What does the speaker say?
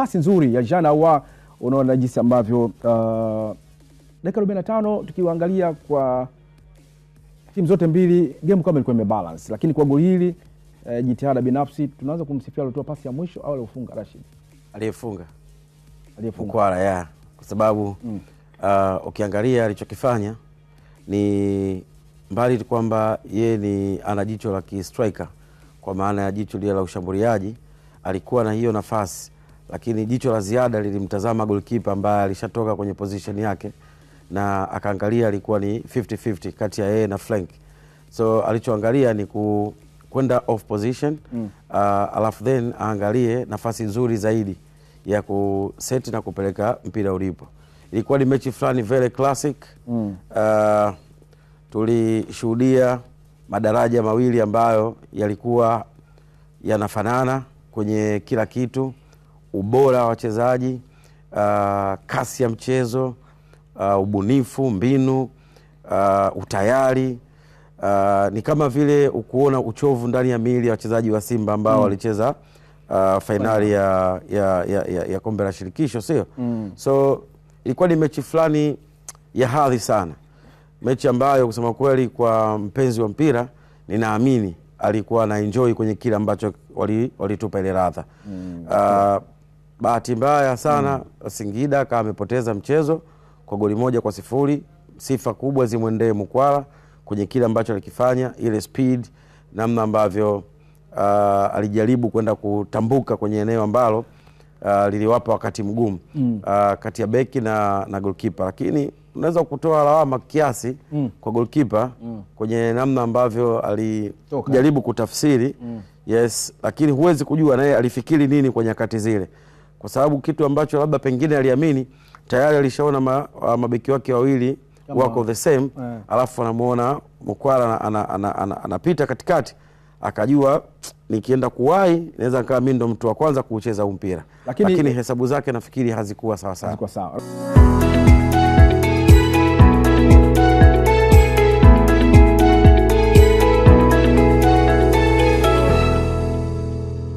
pasi nzuri ya Jean Ahoua. Unaona jinsi ambavyo uh, dakika 45 tukiwaangalia kwa timu zote mbili, game kama ilikuwa imebalance, lakini kwa goli hili eh, jitihada binafsi tunaanza kumsifia alitoa pasi ya mwisho au aliofunga Rashid, aliyefunga aliyefunga Mkwara ya kwa sababu mm. uh, ukiangalia alichokifanya ni mbali kwamba ye ni ana jicho la kistriker kwa maana ya jicho lile la ushambuliaji, alikuwa na hiyo nafasi lakini jicho la ziada lilimtazama golkipa ambaye alishatoka kwenye position yake na akaangalia, alikuwa ni 50-50 kati ya yeye na flank. so alichoangalia ni ku kwenda off position mm. Uh, alafu then aangalie nafasi nzuri zaidi ya kuseti na kupeleka mpira ulipo. Ilikuwa ni mechi fulani very classic mm. Uh, tulishuhudia madaraja mawili ambayo yalikuwa yanafanana kwenye kila kitu ubora wa wachezaji, uh, kasi ya mchezo, uh, ubunifu, mbinu, uh, utayari uh, ni kama vile ukuona uchovu ndani ya miili ya wachezaji wa Simba ambao mm. walicheza uh, fainali ya, ya, ya, ya, ya kombe la shirikisho sio? mm. so ilikuwa ni mechi fulani ya hadhi sana, mechi ambayo kusema kweli kwa mpenzi wa mpira ninaamini alikuwa na enjoy kwenye kile ambacho walitupa wali ile radha mm. uh, bahati mbaya sana mm. Singida kama amepoteza mchezo kwa goli moja kwa sifuri. Sifa kubwa zimwendee Mkwala kwenye kile ambacho alikifanya, ile speed, namna ambavyo uh, alijaribu kwenda kutambuka kwenye eneo ambalo uh, liliwapa wakati mgumu mm. uh, kati ya beki na, na goalkeeper, lakini unaweza kutoa lawama kiasi mm. kwa goalkeeper mm. kwenye namna ambavyo alijaribu kutafsiri mm. Yes, lakini huwezi kujua naye alifikiri nini kwa nyakati zile kwa sababu kitu ambacho labda pengine aliamini tayari alishaona ma, uh, mabeki wake wawili wako the same yeah. Alafu anamuona Mkwala anapita ana, ana, ana, ana katikati akajua nikienda kuwahi naweza nikawa mimi ndo mtu wa kwanza kuucheza huu mpira, lakini, lakini hesabu zake nafikiri hazikuwa sawasawa sawa.